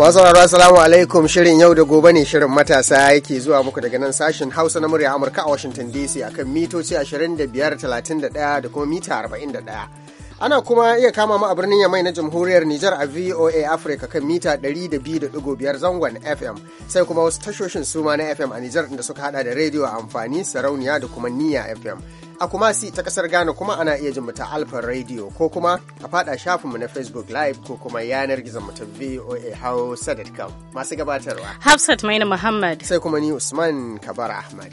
masu sauraro alaikum shirin yau da gobe ne shirin matasa yake zuwa muku daga nan sashen hausa na murya amurka a washington dc akan mitoci 25 31 da kuma mita 41 ana kuma iya kama mu a birnin yamai na jamhuriyar Nijar a VOA Africa kan mita 200.5 zangon FM sai kuma wasu tashoshin suma na FM a Nijar da suka hada da rediyo a amfani sarauniya da kuma niya FM a Kumasi ta kasar Ghana kuma ana iya jin ta Alfar Radio ko kuma a fada shafinmu na Facebook Live ko kuma yanar gizon mu ta VOA Hausa.com. Masu gabatarwa. Hafsat Maina Muhammad. Sai kuma ni Usman Kabar Ahmad.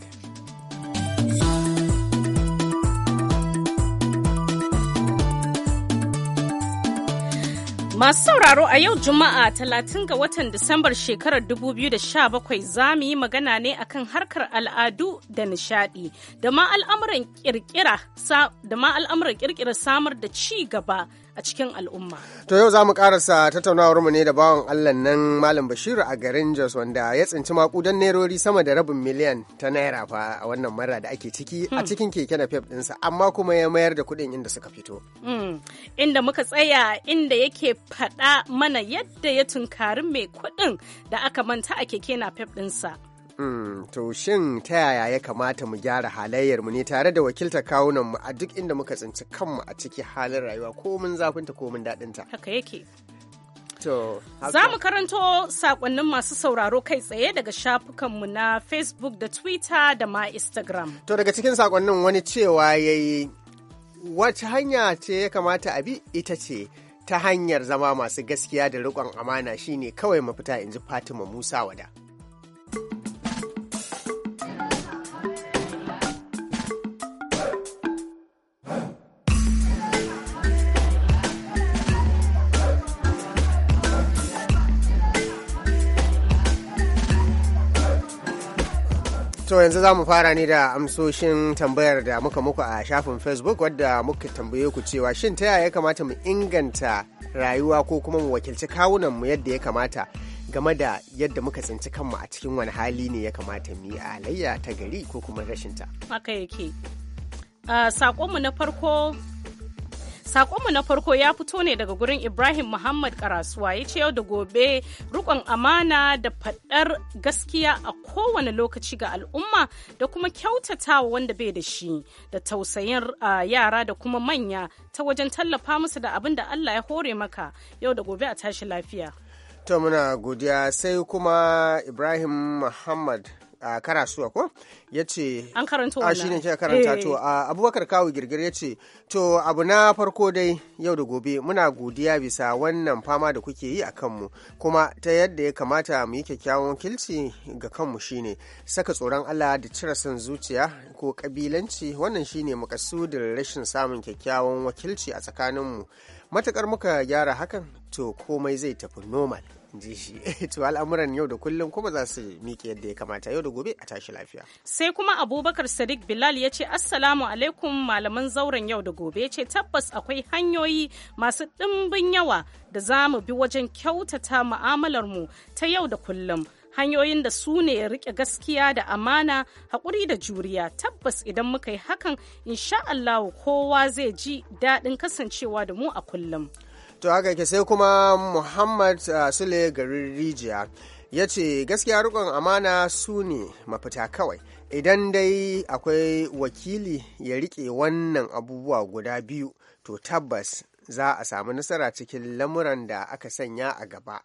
Masu sauraro a yau Juma'a 30 ga watan Disambar shekarar 2017 za mu yi magana ne akan harkar al'adu da nishadi da ma al'amuran kirkira samar da ci gaba a cikin al'umma. To yau za mu karasa tattaunawar mu ne da bawan Allah nan Malam Bashiru a garin Jos wanda ya tsinci makudan nerori sama da rabin miliyan ta naira fa a wannan mara da ake ciki a hmm. cikin keke na fef ɗinsa amma kuma ya mayar da kuɗin inda suka fito. Hmm. Inda muka tsaya inda yake faɗa mana yadda ya tunkari mai kuɗin da aka manta a keke na fef ɗinsa. Mm, to shin ta yaya ya kamata mu gyara halayyar mu ne tare da wakilta kawunan mu a duk inda muka tsinci kanmu a ciki halin rayuwa ko mun zafinta ko mun daɗinta. Haka yake. To, Za mu karanto sakonnin masu sauraro kai tsaye daga shafukanmu na Facebook da Twitter da ma Instagram. To daga cikin sakonnin wani cewa ya yi wata hanya ce ya kamata a bi ita ce ta hanyar zama masu gaskiya da riƙon amana shine kawai mafita in ji Fatima Musa wada. yanzu za mu fara ne da amsoshin tambayar da muka muku a shafin Facebook wadda muka tambaye ku cewa shin ta yaya ya kamata mu inganta rayuwa ko kuma mu wakilci kawunanmu yadda ya kamata game da yadda muka tsinci kanmu a cikin wani hali ne ya kamata mu yi alayya ta gari ko kuma rashinta. Ah, na farko Sakonmu na farko ya fito ne daga gurin Ibrahim Muhammad Karasuwa ya ce yau da gobe rikon amana da faɗar gaskiya a kowane lokaci ga al'umma da kuma kyautata wa wanda bai da shi da tausayin yara da kuma manya ta wajen tallafa musu da abin da Allah ya hore maka yau da gobe a tashi lafiya. To muna godiya sai kuma Ibrahim Muhammad a karasuwa ko ya ce an karanta ah, wannan ne kika karanta to eh. abubakar kawu girgir ya ce to abu na farko dai yau da gobe muna godiya bisa wannan fama da kuke yi a kanmu kuma ta yadda ya kamata mu yi kyakkyawan kilci ga kanmu shine saka tsoron Allah da cire son zuciya ko kabilanci wannan shine makasudin rashin samun kyakkyawan wakilci a tsakaninmu matukar muka gyara hakan to komai zai tafi normal ji shi to al'amuran yau da kullum kuma za su miƙe yadda ya kamata yau da gobe a tashi lafiya sai kuma abubakar sadiq bilal ya ce assalamu alaikum malaman zauren yau da gobe ya ce tabbas akwai hanyoyi masu ɗimbin yawa da za mu bi wajen kyautata mu ta yau da kullum hanyoyin da su ne riƙe gaskiya da amana haƙuri da juriya tabbas idan muka yi hakan insha Allah kowa zai ji daɗin kasancewa da mu a kullum. to haka yake sai kuma muhammad uh, sule garin rijiya ya ce gaskiya rikon amana su ne mafita kawai idan dai akwai wakili ya rike wannan abubuwa guda biyu to tabbas za a samu nasara cikin lamuran da aka sanya a gaba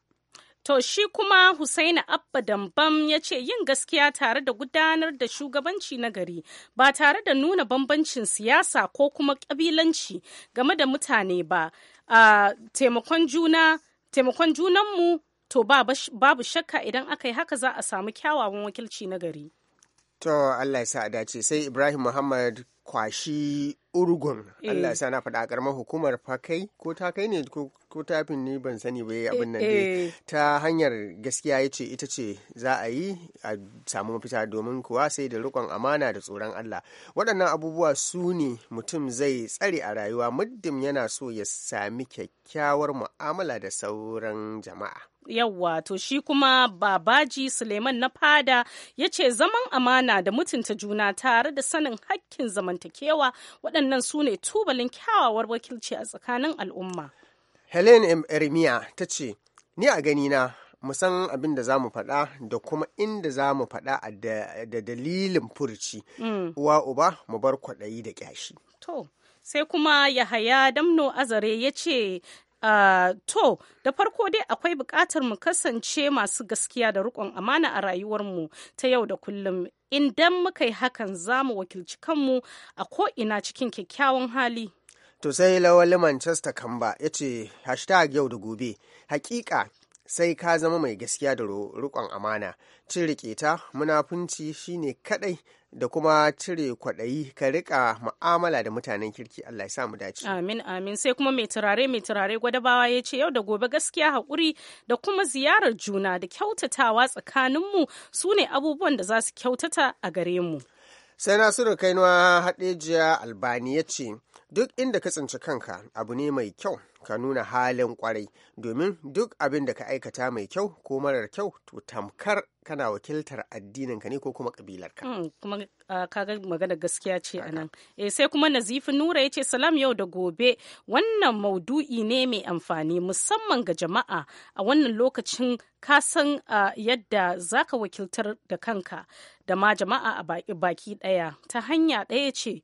To shi kuma Husaini Abba Dambam ya ce yin gaskiya tare da gudanar da shugabanci na gari ba tare da nuna bambancin siyasa ko kuma ƙabilanci game da mutane ba a taimakon juna taimakon junanmu to babu shakka idan aka yi haka za a samu kyawawan wakilci na gari. To Allah ya sa a dace sai Ibrahim Muhammad kwashi urgun Allah eh. sa na faɗa a ƙaramar hukumar fakai ko ta kai ne ko fi ni ban sani ba abin nan dai eh, eh. ta hanyar gaskiya ya ce ita ce za a yi a samu mafita domin kuwa sai da rikon amana da tsoron Allah waɗannan abubuwa su ne mutum zai tsare a rayuwa muddin yana so ya sami kyakkyawar mu'amala da sauran jama'a. yawwa to shi kuma babaji suleiman na fada ya ce zaman amana da mutunta juna tare da sanin hakkin zamantakewa waɗannan su ne tubalin kyawawar wakilci a tsakanin al'umma helen m ermiya ta ce ni a ganina mu san abin da za mu faɗa da kuma inda za mu faɗa da dalilin furci mm. uwa uba mu bar kwaɗayi da ƙyashi to sai kuma yahaya damno azare ya ce Ah, to, da farko dai akwai buƙatar mu kasance masu gaskiya da riƙon amana a rayuwar mu ta yau da kullum. Idan muka yi hakan za mu wakilci kanmu a ko'ina cikin kyakkyawan hali. To sai lawali Manchester Kamba ya ce, hashtag yau da gobe, hakika sai ka zama mai gaskiya da riƙon amana. Cin ta munafunci shine kaɗai da kuma cire kwaɗayi ka rika mu'amala da mutanen kirki Allah ya sa mu dace. Amin amin sai kuma mai turare mai turare gwadabawa ya ce yau da gobe gaskiya haƙuri da kuma ziyarar juna da kyautatawa tsakaninmu su ne abubuwan da za su kyautata a gare mu. sai nasiru kainuwa haɗejiya albani ya ce duk inda ka tsinci kanka abu ne mai kyau ka nuna halin kwarai domin duk abin da ka aikata mai kyau ko marar kyau to tamkar kana wakiltar addininka ne ko kuma kabilarka. Mm, kuma kaga magana gaskiya ce a nan e, sai kuma nazifi nura ya ce salam yau da gobe wannan maudu'i ne mai amfani musamman ga jama'a a wannan lokacin ka san yadda za ka wakiltar da kanka da ma jama'a a baki ɗaya ta hanya ɗaya ce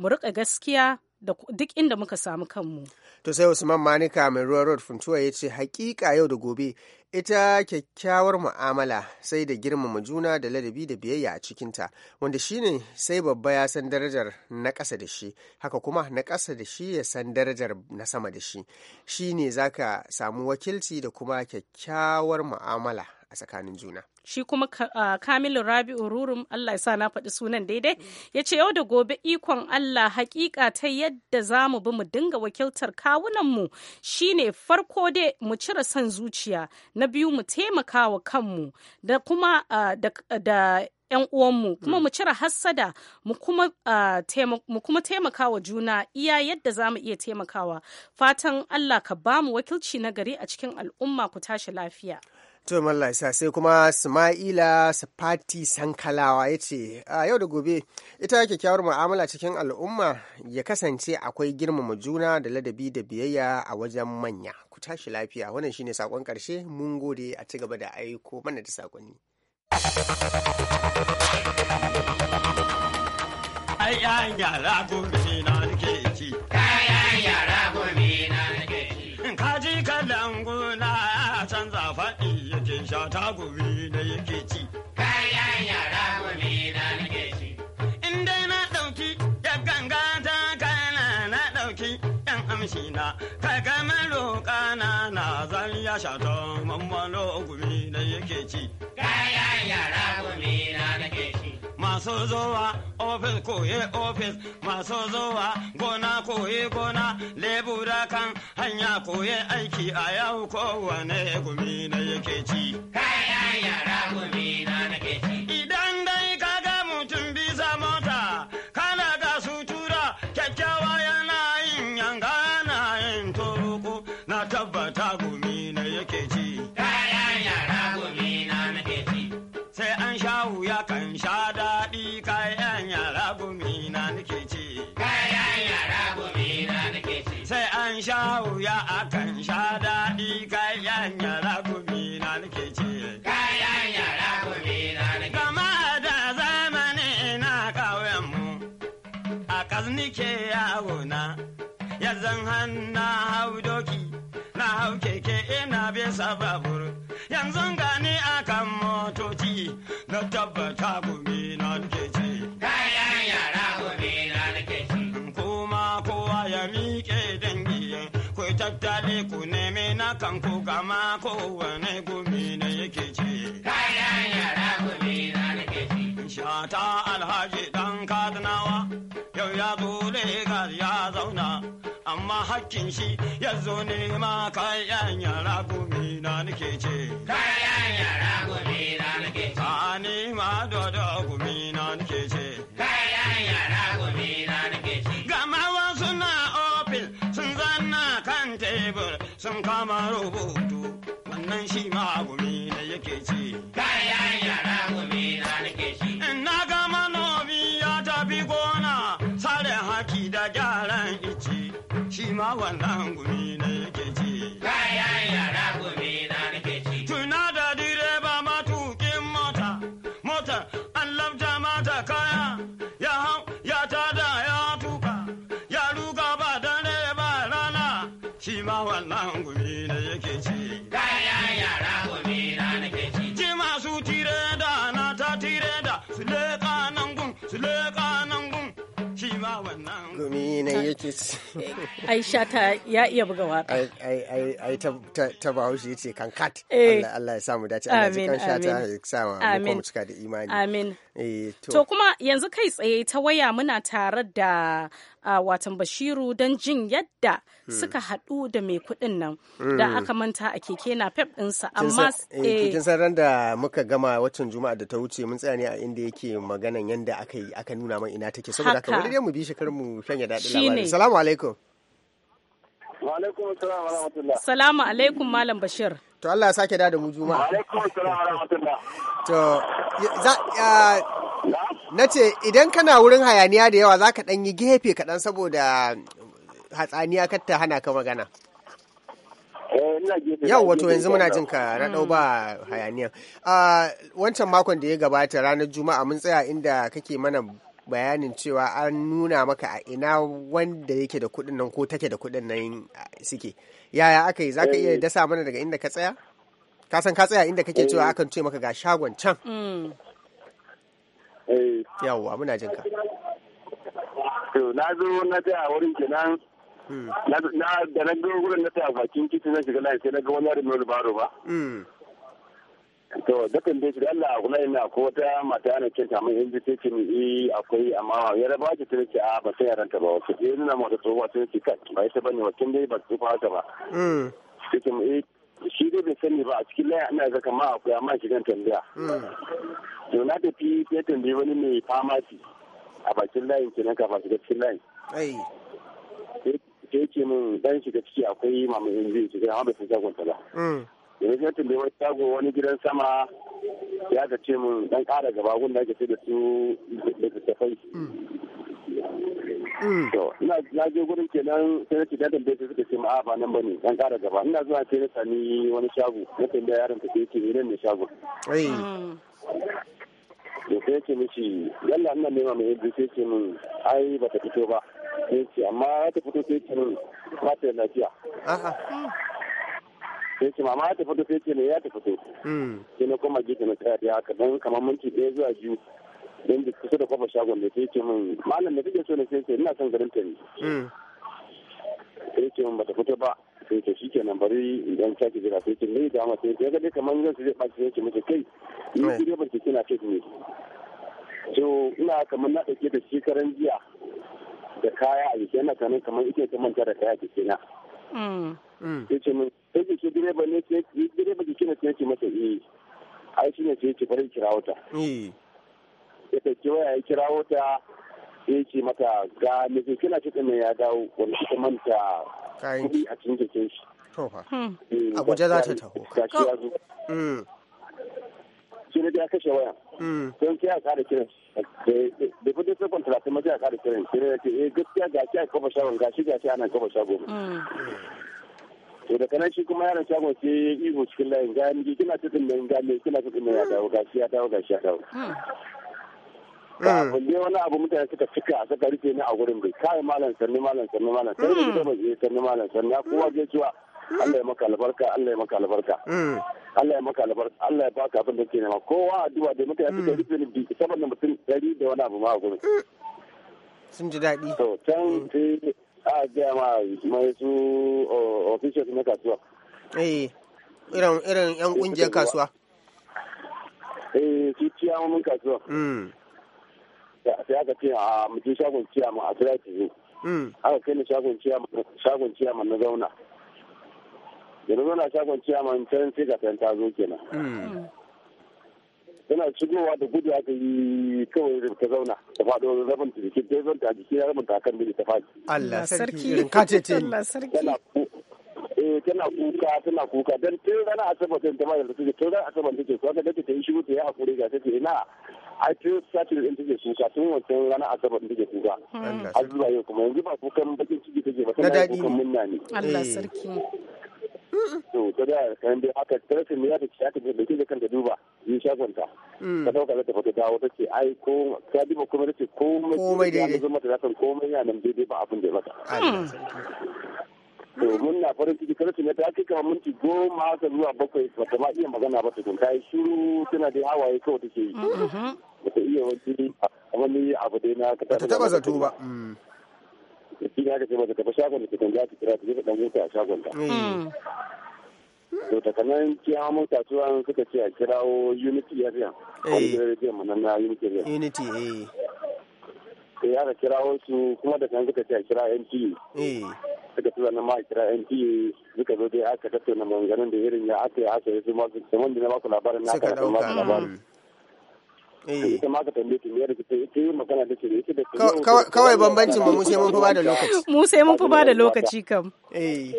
mu riƙa gaskiya duk inda muka samu kanmu to sai usman manika mai ruwa road funtuwa ya ce hakika yau da gobe ita kyakkyawar mu'amala sai da girmama juna da ladabi da biyayya a cikinta wanda shine sai babba ya san darajar na ƙasa da shi haka kuma na ƙasa da shi ya san darajar na sama da shi shine zaka samu wakilci da kuma kyakkyawar mu'amala a tsakanin juna shi kuma kamilu rabi'u rurum allah ya sa na faɗi sunan daidai ya ce yau da gobe ikon allah hakika ta yadda za mu bi mu dinga wakiltar kawunanmu shine farko dai mu cire son zuciya na biyu mu taimaka wa kanmu da kuma da 'yan uwanmu kuma mu cire hassada mu kuma taimaka wa juna iya yadda za mu iya taimakawa fatan allah ka ba mu wakilci na gari a cikin al'umma ku tashi lafiya To Mallah Isa sai kuma Ismaila Sapati Sankalawa ya ce, a yau da gobe ita kyakkyawar mu'amala cikin al'umma ya kasance akwai girmama juna da ladabi da biyayya a wajen manya. Ku tashi lafiya wannan shine sakon karshe mun gode a ci gaba da aiko mana da sakonni. Kayan yara gobe na nake ci. yara gobe na nake ci. na gumi na yake ci kayan yara na nake ci in dai na ɗauki ya ganga ta kana na ɗauki yan amshi na ka gama roƙana na zan ya shato mammalo gumi na yake ci kayan yara na nake ci masu zowa ofis koye ofis masu zuwa gona koye gona lebura kan hanya koye aiki a yau kowane gumi na yake ci. yara gobe na nake ta babur yanzu gani akan motoci na tabbata gobe na nake ci kayan yara gobe na nake ci kuma kowa ya miƙe dangi ku tattale ku neme na kanku ku gama kowane gobe na yake ce. amma hakkin shi ya zo ne ma kayan yara gumi na nake ce. Kayan yara gumi na nake ce. Ka ni ma dodo gumi na nake wannan gumi ne yake ci. Ya yara gumi. yake ci aisha ta ya iya buga waka ai ai ta bahaushe kan kat eh. Allah ya sa mu dace Allah ji kan ta ya sa mu mu cika da imani amin eh, to kuma yanzu kai tsaye ta waya muna tare da ah, watan Bashiru don jin yadda Hmm. suka haɗu da mai kuɗin nan hmm. da aka manta a keke na pep ɗinsa amma eh. Eh, kin san ran da muka gama waccan juma'a da ta wuce mun tsaya ne a inda yake maganan yanda aka yi aka nuna man ina take saboda haka wani dai mu bi shi kar mu shanya daɗin ne salamu alaikum wa alaikum salam wa salamu alaikum malam bashir to Allah ya sake da mu juma'a wa alaikum salam wa na ce idan kana wurin hayaniya da yawa zaka ɗan yi gefe kaɗan saboda hatsaniya kar ta hana ka magana eh, yau wato yanzu muna jin ka raɗau mm. ba hayaniya ah, wancan makon da ya gabata ranar juma'a mun tsaya inda kake mana bayanin cewa an nuna maka a ina wanda yake da kuɗin nan ko take da kuɗin nan suke yaya aka yi za ka iya eh. dasa mana daga inda ka tsaya ka san ka tsaya inda kake eh. cewa akan ce maka ga shagon can mm. yawwa muna jin ka na zo na a wurin kenan na da na ga wurin na ta bakin titi na shiga layin sai na ga wani yaro mai baro ba hmm. to dakan dai da Allah kula ina ko wata mata ana kinta mai yanzu sai ce ni eh, akwai amma ya raba ta ta ce a ah, ba sai yaranta ba wasu sai nuna mata tsohuwa sai ce kai ba ita bane wakin dai ba su fata ba hmm. sai ce eh, shi dai bai sani ba a cikin laya ana zaka ma akwai amma shigan tambaya hmm. to na tafi sai tambayi wani mai famasi a bakin layin kenan kafa shiga cikin layin da yake min dan shiga ciki akwai mamu in zai shiga amma bai san shagon ta ba yanzu mm. sai tambaye wani shago wani gidan sama ya ga ce min dan kara gaba gunda ya ce da su da tafai mm. ina na je gurin kenan sai na cikin dan tambaye su suka ce ma'a ba nan ne dan kara gaba ina zuwa sai na sani wani shago na da yaron ta ce eh, ce ne ne shago da sai ce mishi yalla ina nema mai yadda sai ce min ai ba ta fito ba ce amma ya ta fito sai ce ba ta lafiya sai ce mama ya ta fito sai ce ne ya ta fito hmm. sai na koma gefe na tsaya da haka don kamar minti ɗaya zuwa biyu don da kusa da kwafa shagon da sai ce min malam da kake so ne sai ce ina son garin ta ne hmm. sai ce min bata fito ba sai ce shi kenan bari idan sake jira sai ce mai dama sai ce ya ga kamar zan su zai ɓaci sai ce mace kai ni direban ke kina ce ne so ina kamar na ɗauke da shi karan jiya da kaya a jikin yana kanin kamar ike ta manta da kaya jikin na. Sai mm. mm. ce min sai ce direba ne ce direba jiki ne ce masa yi, ai shi ne ce ce bari kira wata. Eh. Ya ce waya ya kira wata ya ce mata ga me jiki na cikin ya dawo wani ta manta kuɗi a cikin jikin shi. Hmm. Eh, Abuja za ta taho. sai ya kashe waya sai mm. sai a kara kiran da kudin sakon talatin ma sai a kara kiran sai na ce eh gaskiya ga shi a kafa shagon ga shi ga shi ana kafa shagon mm. to daga nan shi kuma yaron shagon sai ya ihu cikin layin ga ni kina tutun nan ga ni kina tutun nan ya dawo ga shi ya dawo ga shi ya dawo mm. ba ne wani abu mutane suka cika a suka rufe ni a gurin bai kai malam sanni malam sanni malam sanni da ba je sanni malam sanni kowa je cewa Allah ya maka albarka Allah ya maka albarka Allah ya maka albarka Allah ya baka abin da ke nema kowa addu'a da mutane suka rufe ni biki saboda da mutum dari da wani abu ma a gurin sun ji daɗi to can ce mm. a gaya ma mai su officials na kasuwa eh irin irin yan kungiyar kasuwa eh su mun kasuwa mm. sai aka ce ah, a mutum shagon ciyama a tsira ki zo mm. aka kai ni shagon ciyama na zauna yanzu muna shagon ciya ciyaman can sai ga ta zo kenan tana hmm. shigowa da gudu aka yi kawai da ta zauna ta faɗo da rabin ta jiki ta zanta a jiki ya rabin ta kan ta faɗi. Allah sarki irin kace ce. Allah sarki. Eh, tana kuka tana kuka dan tun ranar asabar ta ta bayar da take tun ranar asabar take kuka da ta yi shiru ta yi hakuri ga take ina a tun satin din take kuka tun wancan ranar asabar din take kuka har zuwa yau kuma yanzu ba kukan bakin ciki take ba tana kukan munna ne. Allah eh. sarki. to ta da kan da aka tarasa ya ta ta da ke kanta duba yi dauka mm. zata dawo ta ce ai ko kuma ce komai zama ta komai ya nan daidai ba abin da ya mata mm. to mun na farin ciki kada ne ta kamar minti goma ta zuwa bakwai bata ma iya magana ba shiru tana da hawaye kawai take yi mm-hmm. bata iya wani abu dai na ta taba zato ba mm. shi shagon da kira ta je dan a shagon ta. Mm. Mm. to ta kanan kiyawa mota tuwa suka ce a kirawo unity area eh. na unity area unity eh kirawo su kuma da kan suka ce a kira nta eh. suka na ma a kira nta suka zo dai aka tattauna da irin ya aka yi aka yi su ma su na baku labarin na aka yi labarin mm. ita eh. ma ka tambaye ta miyar ta yi magana da ce da kawai bambancin ba mu sai mun fi da lokaci mu sai mun fi da lokaci kam eh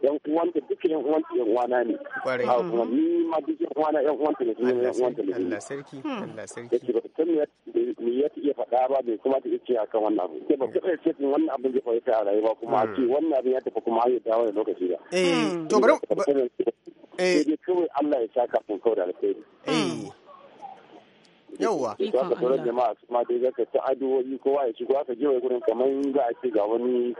yan uwanta duk yan uwanta yan na ne kwarai kuma ni ma duk yan uwana yan uwanta ne kuma uwan uwanta ne Allah sarki Allah sarki hmm. ba ta me ya iya faɗa ba bai kuma ta ce kan wannan abu ke ba ta ce tin wannan abin zai faru a rayuwa kuma a ce hmm. wannan abin ya tafi kuma har ya dawo da lokaci da eh hmm. to bari eh kawai Allah ya saka kun kawai da alheri eh yauwa za ka sauran jama'a su ma dai zaka ta addu'o'i kowa ya shigo aka je gurin kamar za a ce ga wani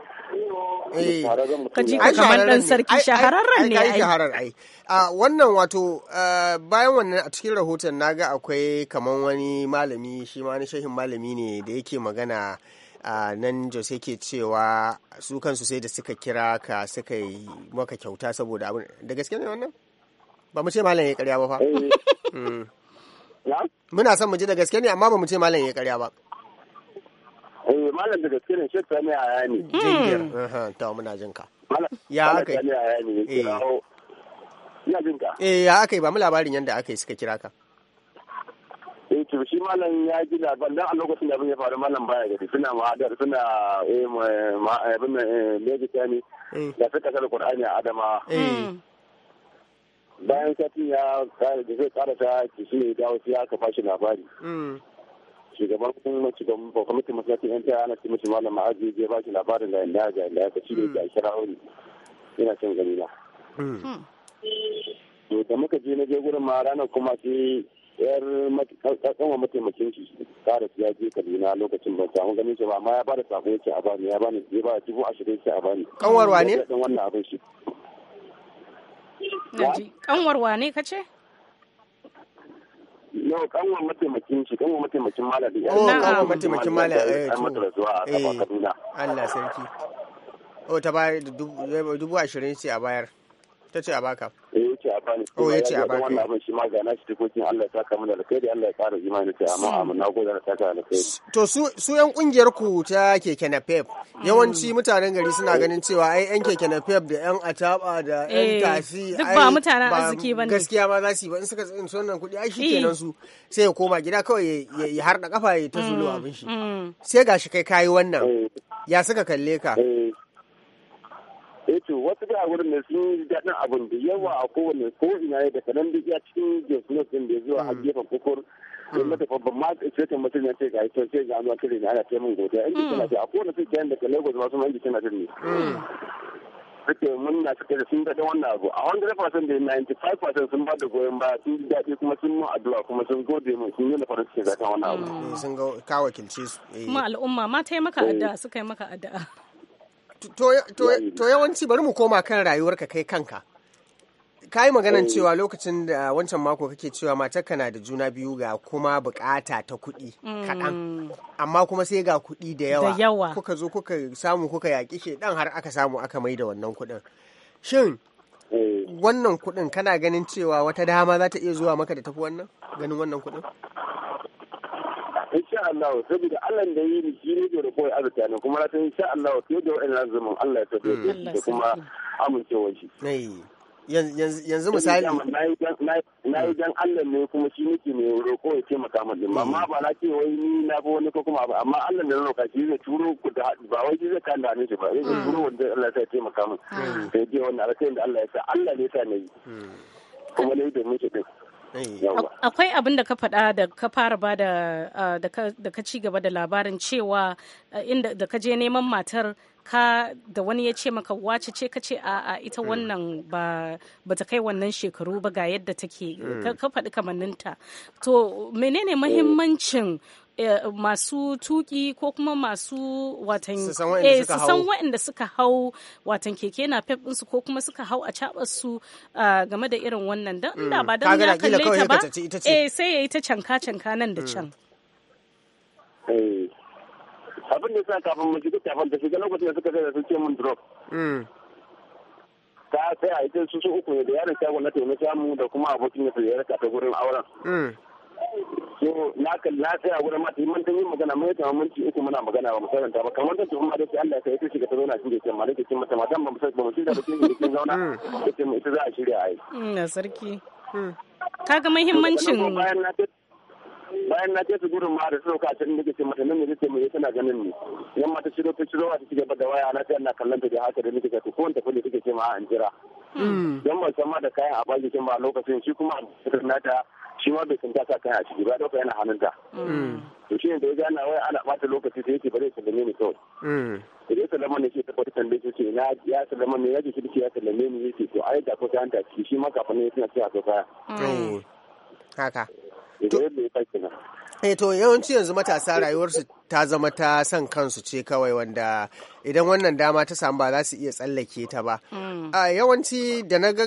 eh. ka ji kamar dan sarki shahararren ne ai shaharar ai a wannan wato bayan wannan a cikin rahoton naga akwai kamar wani malami shi ma wani shehin malami ne da yake magana a nan jose ke cewa su kansu sai da suka kira ka suka yi maka kyauta saboda abin da gaske ne wannan ba mu ce malam ya karya ba fa eh. hmm. Muna son mu ji da gaske ne amma ba mu ce malam ya karya ba. Eh malam da gaske ne shi shek ne a hmm. yani. Aha, Ta muna jin ka. Ya aka yi. Eh. Ina jin ka. Eh ya aka yi ba mu labarin yanda aka yi suka kira ka. eh to shi malam ya ji labarin dan a lokacin da abin ya faru malam baya gari suna ma'adar suna eh ma eh, abin ne ne ne da suka kasa Qur'ani a Adama. Eh. Hmm. bayan satin ya kare da zai kara ta ki kishi ne dawo sai aka fashi labari mm. shugaban kuma shugaban kwamitin masalatin yan taya ana cimaci malam ma'aji zai ba shi labarin da yanda ga yanda ka ne da kira wani yana son gani na mm. hmm. to da muka je na je gurin ma ranar kuma sai yar kanwa mataimakin shi kara ya je kaduna lokacin ban samu gani shi ba amma ya ba da sako yake a bani ya bani ya ba dubu ashirin yake a bani kanwarwa ne dan wannan abin shi Kanwar wane ka ce? No, kanwar mataimakin shi, kanwar mataimakin malami. Oh, kanwar mataimakin malami. An eh, madrasuwa a eh, Kaduna. Allah sarki. o oh, ta bayar dubu ashirin ce a bayar. Ta ce a baka. Eh, bani oh ya ce a baka wannan abin shi ma ga nashi tukokin Allah ya saka mu alkhairi Allah ya kara imani ta amma amma na gode na saka alkhairi to su su yan kungiyar ku ta keke napep hmm. yawanci mutanen gari suna hmm. ganin cewa ai yan keke napep da yan ataba da yan eh, tafi duk ba mutanen arziki bane gaskiya ma za su yi ba in suka tsin wannan kuɗi ai eh. shikenan su sai ya koma gida kawai ya harda kafa ya ta hmm. zulo abin shi sai gashi kai kayi wannan eh. ya suka kalle ka eh to wasu da wurin ne sun yi daɗin abin da yawa a kowane ko ina ya daga nan duk ya cikin jesulos din da zuwa a mm. gefen kukur don mm. mata babban ma ce ta mutum ya ce ga ita ce ga anuwa tare ne ana ce min godiya in jikin na ce a kowane sun kayan daga lagos masu man jikin na ne. suke na suke da sun daɗa wannan abu a wanda da sun da 95% sun ba da goyon baya sun ji daɗi kuma sun mun addu'a kuma sun gode mun sun yi da farin ciki zakan wannan abu. Mm. sun ga ka su. kuma eh. al'umma ma ta yi maka eh. addu'a suka yi maka addu'a. to yawanci bari mu koma kan rayuwar ka kai kanka ka yi maganan eh. cewa lokacin da wancan mako kake cewa matarka na da juna biyu ga kuma bukata ta kuɗi kaɗan mm. amma kuma sai ga kuɗi da yawa kuka zo kuka samu kuka yaƙi ke ɗan har aka samu aka mai da wannan kuɗin shin eh. wannan kuɗin kana ganin cewa wata dama za ta iya zuwa maka da tafi wannan ganin wannan kuɗin insha Allah saboda Allah da yi shi ne da koyi azuta ne kuma ratan insha Allah sai da wa'annan zaman Allah ya tafi da hmm. kuma amincewa shi yanzu misali na yi hmm. dan Allah ne kuma shi nake ne roƙo ya taimaka min din hmm. amma ba na ce wai ni na ba wani ko kuma ba amma Allah ne roka shi zai turo ku da ba wai shi zai kan da hannun shi ba zai turo wanda Allah ya taimaka mun sai dai wannan alƙawarin da Allah ya sa Allah ne ya sa ne kuma ne da muke din akwai abin da ka faɗa da ka fara ba da da ka ci gaba da labarin cewa inda da ka je neman matar ka da wani ya ce maka wace ce ka ce a ita mm. wannan ba ta kai wannan shekaru ba ga yadda take mm. ka faɗi kamanninta to menene eh. mahimmancin Eh, masu tuki ko kuma masu watan su san waɗanda eh, suka hau watan keke na pep ɗinsu ko kuma suka hau a cabar su game da irin wannan don mm. da ba don ya kalle ta ba eh sai ya yi ta canka canka nan da mm. can eh, abin da sa kafin mu shiga kafin ta shiga lokacin da suka sai da sun ce mun drop mm. ta sai a ita su su uku ne da yaron shagon na taimaka mu da kuma abokin ya sai ya raka ta gurin auren so na kan na tsaya gurin mata mun mantan yi magana mai ta minti uku muna magana ba musaran ta ba kamar ta tuhumma da ke Allah sai ta shiga ta zauna shi da ke malaka kin mata matan ba musaran ba mu da ba da ke zauna ita hmm. ita za a shirya a yi. na sarki hmm. kaga muhimmancin bayan na ce su gudun ma da suka cikin da ke mata nan ne ce mai eh, tana ganin ne yan mata shiro ta shiro ta ci gaba da waya na ce ina kallon ta da haka da nake ta kowanta kudi kulle take ce ma an jira yan hmm. ban san ma da kayan a baki kin ba lokacin shi kuma a cikin nata shi ma bai kanta sa kai a ciki ba dauka yana hannunta mm. to shi ne da ya gana wai ana bata lokaci sai yake zai sallame ni kawai mm. da ya sallama ne shi ta kwata tambaye shi ce na ya sallama ne ya ji shi ya sallame ni yake to ai da ko ta hanta ciki shi ma kafin ne yana cewa to kaya haka Eh to yawanci yanzu matasa rayuwarsu ta zama ta son kansu ce kawai wanda idan wannan dama ta samu ba za su iya tsallake ta ba. Mm. A yawanci da na ga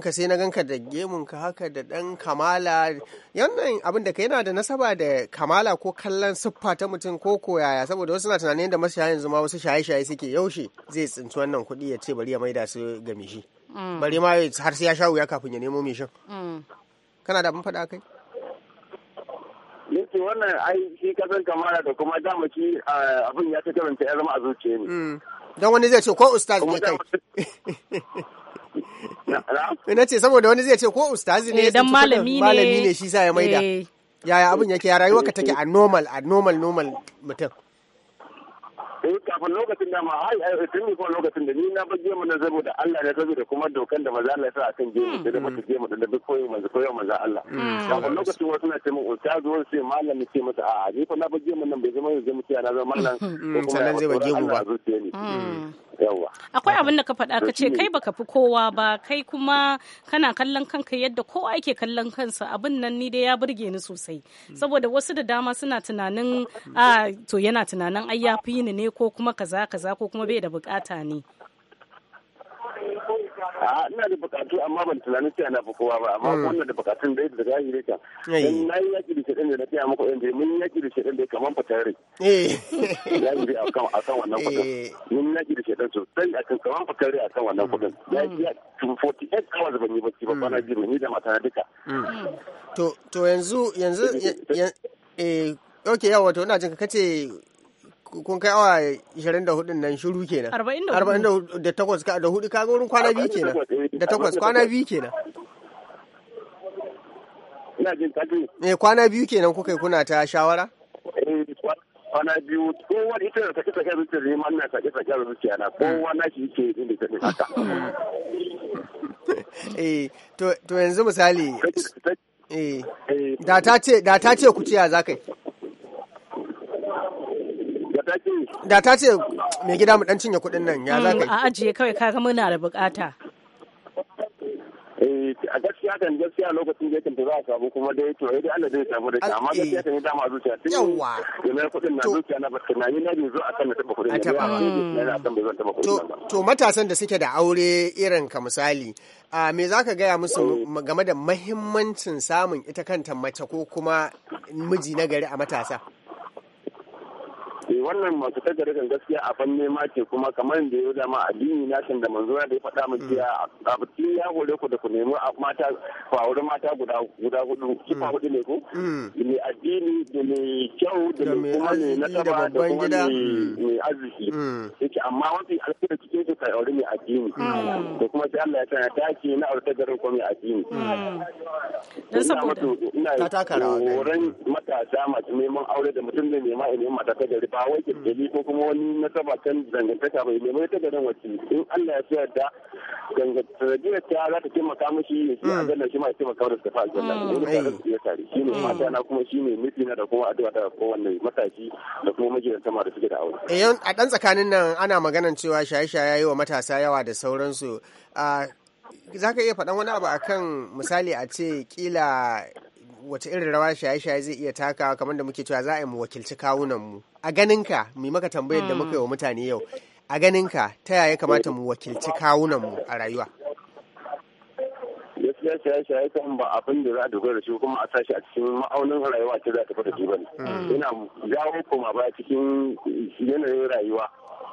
ka sai na ganka da gemun ka haka da ɗan kamala yannan abin da ka yana da nasaba da kamala ko kallon siffa ta mutum ko koyaya saboda wasu na tunanin da masu yanzu ma wasu shaye-shaye suke yaushe zai tsinci wannan kuɗi ya ce bari ya maida su ga mishi. Mm. Bari ma har sai ya sha wuya kafin ya nemo mishin. Mm. Kana da abin faɗa kai? yace wannan ai shi kasan kamara da kuma damaki abin ya ta karanta ya zama a zuciya ne mm. don wani zai ce ko ustaz ne kai na ce saboda wani zai ce ko ustazi ne eh, dan malami ne malami ne shi sa ya maida eh. yaya abin yake ya rayuwa ka take a normal a normal normal mutum eh kafin lokacin da ma ai ai tun ne kuma lokacin da ni na ba mu na zabo da Allah ne zabo da kuma dokan da maza Allah ya sa akan gemu hmm. da da mutum gemu da duk koyi manzo koyi manzo Allah hmm. kafin hmm. lokacin wasu na ce mu ustaz wani sai malami ce masa a ni fa na ba mu nan bai zama yanzu mutiya na zama mallam sannan zai ba gemu ba akwai abin da ka faɗa ka ce kai baka fi kowa ba kai kuma kana kallon kanka yadda kowa yake kallon kansa abin nan ni dai ya burge ni sosai saboda wasu da dama suna tunanin a ah, to yana tunanin ai ya fi ni ne ko kuma kaza kaza ko kuma bai da bukata ne a ina da bukatu amma ban tunanin sai ana kowa ba amma hmm. wannan da bukatun da da zahiri ka dan nayi yaki da shedan da na tiya muku yanzu mun yaki da shedan da kaman fatare eh yaki da akan akan wannan kudin mun yaki da shedan sosai akan kaman fatare akan wannan kudin ya ya 48 hours ban yi bacci ba hmm. kwana biyu ni da mata duka hmm. to to yanzu yanzu eh okay yawa to ina jinka kace kun kai awa 24 nan shiru kenan 44 da takwas da hudu kaga wurin kwana biyu kenan da takwas kwana biyu kenan ina jin eh, kwana biyu kenan kuka kuna ta shawara eh, kwana biyu wani ita da take take zuciya ne man na take take zuciya na ko wani shi yake yin da take haka eh to to yanzu misali eh, eh da ta ce da ta ce ku ciya zakai Da ta ce mai gida mu dan cinye kuɗin nan ya za ka yi. Mm, a ajiye kawai ga muna da bukata. Eh, a gaskiya kan gaskiya lokacin da yake za a samu kuma dai to eh, dai Allah zai samu da shi amma gaskiya kan dama zuciya tun yawa yana kudin na zuciya na bakin na yana bai zo kan na taba kudin na kuɗin na akan bai zo taba kudin na to matasan da suke da aure irin ka misali a me za ka gaya musu eh. game da mahimmancin samun ita kanta mace ko kuma miji na gari a matasa wannan masu tagare kan gaskiya a fanne ma ce kuma kamar da yau dama addini na kan da manzo da ya faɗa min mm. cewa abin ya hore ku da ku nemi mata fawar mata guda guda hudu mm. kifa hudu ne ko ne mm. addini da ne kyau da ne kuma ne nasaba da kuma ne arziki yake amma wani alƙawar cikin su kai aure mai addini da kuma sai Allah ya sanya ta ke na aure garin ko mai addini dan saboda ina horon matasa masu neman aure da mutum da neman ilimin mata ta gari ba wai kirkiri ko kuma wani nasaba kan dangantaka bai mai ta gadon wacce in Allah ya tsaya da dangantaka ta za ta taimaka mishi shi hmm. a zanna shi ma ya taimaka da safa wani su ya hmm. tare shi ne hmm. mata na kuma shi ne miji na da kuma addu'a ta kowanne matashi da kuma magidanta ma da suke da aure. a ɗan tsakanin nan ana maganan cewa shaye-shaye yi wa matasa yawa da sauransu za ka iya faɗan wani abu akan misali a ce kila wace irin rawa shaye-shaye zai iya takawa kamar da muke cewa za a yi mu wakilci kawunan mu. a ganinka mai maka tambayar da muka yi wa hmm. mutane yau a ganinka ta yaya kamata mu wakilci kawunanmu a rayuwa gaskiya shaye shaye kan ba abin da za a dogara da shi kuma a sashi a cikin ma'aunin rayuwa ce za ta fita ji ne yana hmm. jawo koma ba cikin yanayin rayuwa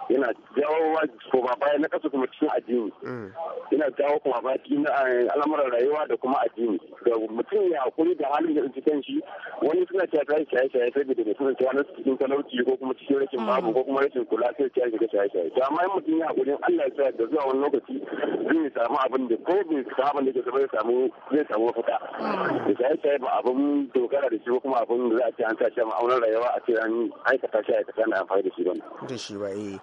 yana jawo koma baya na kasa kuma cikin addini mm. yana jawo koma baya cikin eh, al'amuran rayuwa da kuma addini da mutum ya hakuri da halin da cikin shi wani suna cewa ta shaye shaye ta gida da suna cewa na cikin talauci ko kuma cikin rashin mm. babu ko kuma rashin kula sai ta shiga shaye shaye to amma in mutum ya hakuri Allah ya sa da zuwa wani lokaci zai samu abin da ko bai samu abin da zai samu zai samu mafita mm. da shaye shaye ba abin dogara da shi ko kuma abin da za a ce an sa shi a ma'aunar rayuwa a ce an aikata shi aikata na amfani da shi ba. Da shi ba eh.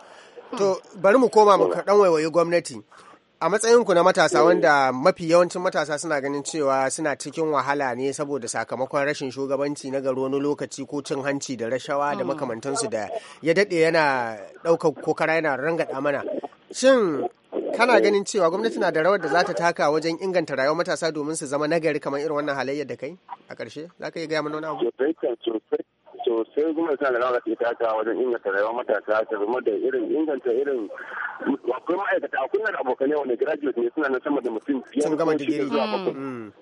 To bari mu koma mu kaɗan waiwayi gwamnati. a matsayinku na matasa eh. wanda mafi yawancin matasa suna ganin cewa suna cikin wahala ne saboda sakamakon rashin shugabanci na garo wani lokaci ko cin hanci da rashawa da hmm. makamantansu da ya daɗe yana ɗaukar kokara yana rangaɗa mana shin kana ganin cewa gwamnati na da rawar da za ta taka wajen inganta rayuwar matasa domin su zama nagari kamar irin wannan halayyar da kai a ƙarshe za ka iya gaya mana wani abu sosai kuma sa da rawa ta taka wajen inganta rayuwar matasa ta zama da irin inganta irin akwai ma'aikata a na abokanai wanda graduate ne suna na sama da mutum biyar ko shida zuwa bakwai mm.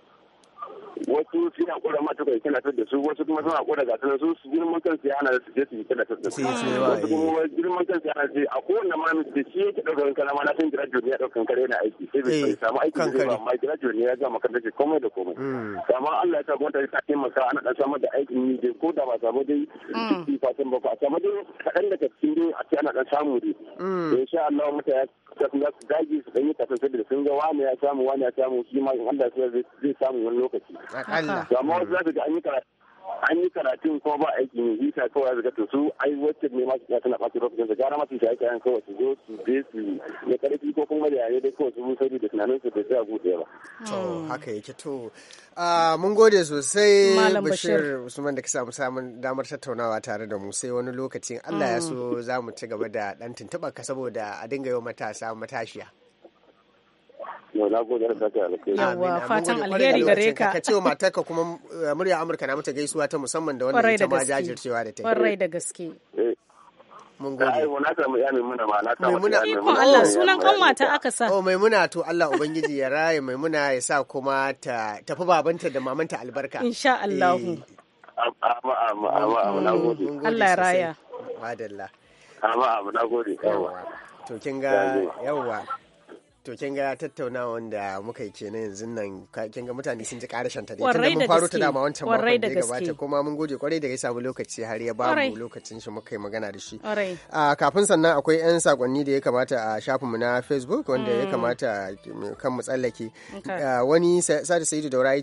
wasu suna kura mata kai kana da su wasu kuma suna kura ga su su girman kansu ya hana su je su yi kana da su wasu kuma girman kansu ya hana su a kowanne malami da shi yake daukar kana ma na san graduate ya daukar kare yana aiki sai bai eh, samu aiki da ba amma graduate ne ya gama kan dace komai da komai hmm. amma Allah ya sa gwamnati ta taimaka ana dan samar da aikin yi dai ko da ba samu dai fifty hmm. fatan ba ko a samu dai kaɗan daga cikin dai a ce ana dan samu dai hmm. insha Allah mutane sai za su dage su dan yi kasan da sun ga wani ya samu wani ya samu shi ma in Allah zai samu wani lokaci. Allah. Amma wasu za su ga an yi karatu an yi karatun ko ba aiki ne visa kawai ya zagata su ai wacce ne ma ya tana ɓata rufin da gara masu shaye yan kawai su zo su je su ne karfi ko kuma da yare dai kawai su rusari da tunanin su da sai a buɗe ba. to hmm. haka yake to ah, mun gode sosai bashir usman da ka samu samun damar tattaunawa tare da mu sai wani lokacin allah ya so hmm. za mu ci gaba da ɗan tuntuɓar ka saboda a dinga yi matasa matashiya. yau na gode da sake alkhairi yawa fatan alheri gare ka ka ce mata ka kuma uh, murya amurka na mata gaisuwa ta musamman da wannan ita ma jajircewa da ta kwarai da gaske eh. mun gode ai na maimuna iko Allah sunan kanwata aka sa oh maimuna to Allah ubangiji ya raye maimuna ya sa kuma ta tafi babanta da mamanta albarka insha Allah eh. amma amma amma na gode Allah ya raya madalla amma amma na gode yawa to kin ga yawa To kin ga tattaunawa da muka yi kenan yanzu nan kin ga mutane sun ji karashin ta dai tunda mun faro ta dama wancan makon da ya gabata kuma mun gode kwarai da ya samu lokaci har ya ba mu lokacin shi muka yi magana da shi. kafin sannan akwai yan sakonni da ya kamata a shafin mu na Facebook wanda ya mm. kamata kan mu tsallake. Wani Sadi Sa'idu Daura ya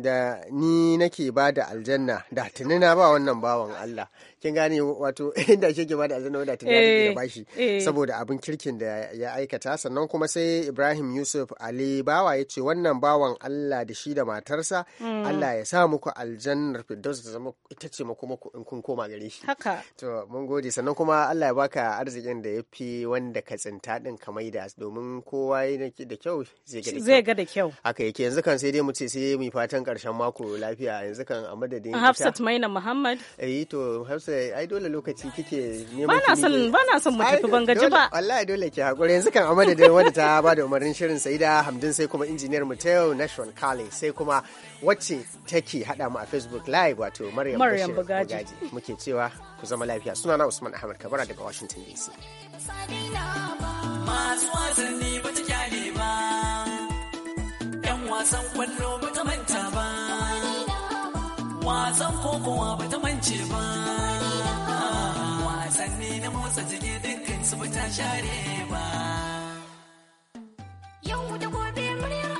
da ni nake ba da aljanna da tunina ba wannan bawan Allah. kin gane wato inda ke ba da aljanna da tuni eh, ba shi eh. saboda abin kirkin da ya aikata sannan kuma sai sai ibrahim yusuf ali bawa ya ce wannan bawan allah da shi da matarsa mm. allah ya sa muku aljannar firdaus ta zama ita ce muku muku in kun koma gare shi haka to mun gode sannan kuma allah ya baka arzikin da ya fi wanda ka tsinta din ka maida domin kowa da kyau zai ga da kyau haka yake yanzu kan sai dai mu ce sai mu fatan karshen mako lafiya yanzu kan a madadin Hafsat Maina Muhammad eh to Hafsat ai dole lokaci kike ne ba na son mu tafi bangaji ba wallahi dole ki hakuri yanzu kan a madadin wanda ta ba da umarnin shirin saida hamdin sai kuma injiniyar mu ta yau nashon kale sai kuma wacce take hada mu a facebook live wato maryam bugaji muke cewa ku zama lafiya na usman ahmad kabara daga washington dc ba na motsa jiki su yau da gobe